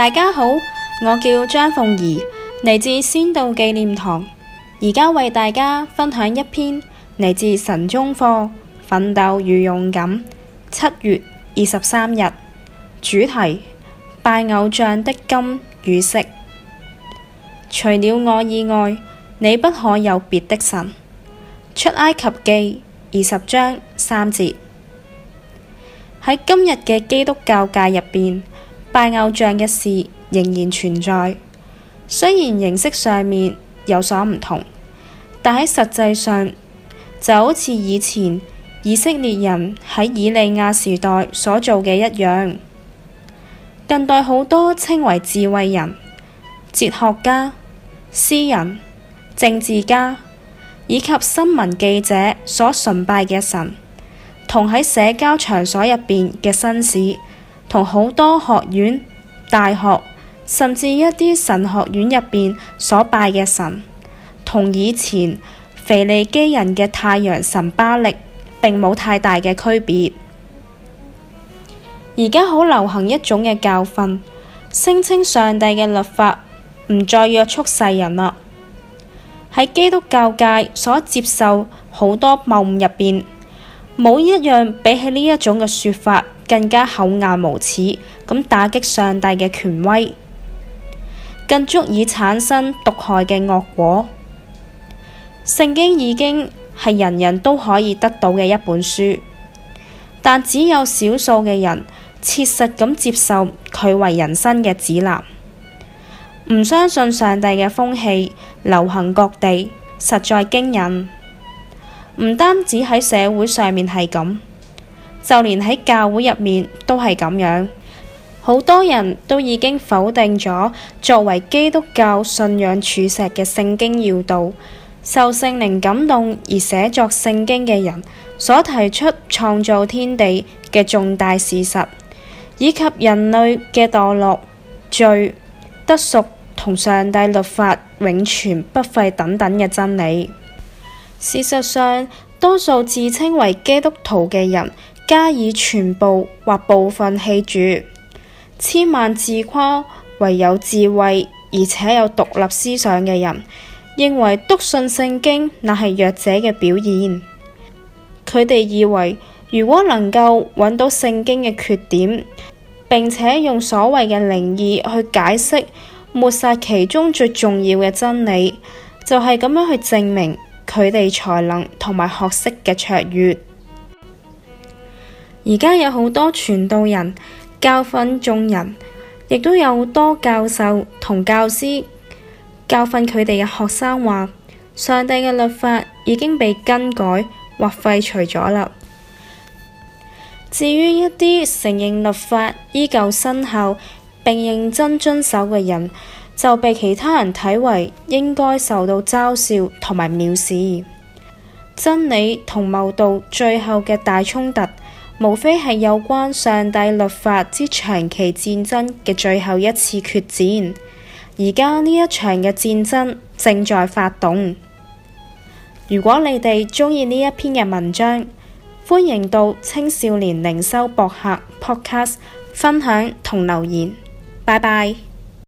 大家好，我叫張鳳儀，嚟自仙道紀念堂，而家為大家分享一篇嚟自神中課《奮鬥與勇敢》，七月二十三日，主題「拜偶像的今與昔」。除了我以外，你不可有別的神。出埃及記二十章三節。喺今日嘅基督教界入邊。拜偶像嘅事仍然存在，雖然形式上面有所唔同，但喺實際上就好似以前以色列人喺以利亞時代所做嘅一樣。近代好多稱為智慧人、哲學家、詩人、政治家以及新聞記者所崇拜嘅神，同喺社交場所入邊嘅紳士，同好多學院、大學，甚至一啲神學院入邊所拜嘅神，同以前腓尼基人嘅太陽神巴力並冇太大嘅區別。而家好流行一種嘅教訓，聲稱上帝嘅律法唔再約束世人喇。喺基督教界所接受好多謬誤入邊，冇一樣比起呢一種嘅説法，更加厚顏無恥，咁打擊上帝嘅權威，更足以產生毒害嘅惡果。聖經已經係人人都可以得到嘅一本書，但只有少數嘅人切實咁接受佢為人生嘅指南，唔相信上帝嘅風氣流行各地，實在驚人。唔單止喺社會上面係咁。就連喺教會入面都係咁樣，好多人都已經否定咗作為基督教信仰柱石嘅聖經要道。受聖靈感動而寫作聖經嘅人所提出創造天地嘅重大事實，以及人類嘅墮落、罪、得贖同上帝律法永存不廢等等嘅真理。事實上，多數自稱為基督徒嘅人，加以全部或部分棄主，千萬自誇唯有智慧而且有獨立思想嘅人認為篤信聖經那係弱者嘅表現。佢哋以為如果能夠揾到聖經嘅缺點，並且用所謂嘅靈意去解釋抹殺其中最重要嘅真理，就係、是、咁樣去證明佢哋才能同埋學識嘅卓越。而家有好多傳道人教訓眾人，亦都有好多教授同教師教訓佢哋嘅學生，話上帝嘅律法已經被更改或廢除咗啦。至於一啲承認律法依舊生效並認真遵守嘅人，就被其他人睇為應該受到嘲笑同埋藐視。真理同謬道最後嘅大衝突。無非係有關上帝律法之長期戰爭嘅最後一次決戰。而家呢一場嘅戰爭正在發動。如果你哋鍾意呢一篇嘅文章，歡迎到青少年靈修博客 Podcast 分享同留言。拜拜。